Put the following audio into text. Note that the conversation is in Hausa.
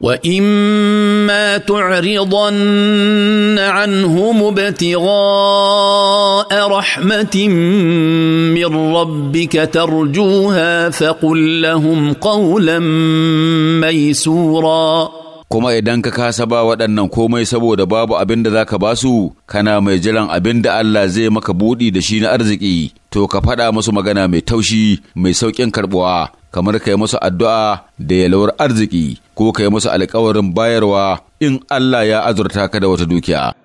واما تعرضن عنهم ابتغاء رحمه من ربك ترجوها فقل لهم قولا ميسورا kuma idan ka kasa ba waɗannan komai saboda babu abin da za ka ba su, kana mai jiran abin da Allah zai maka buɗi da shi na arziki, to ka faɗa musu magana mai taushi mai sauƙin karɓuwa, kamar ka yi musu addu'a da yalwar arziki, ko ka yi musu alkawarin bayarwa in Allah ya azurta ka da wata dukiya.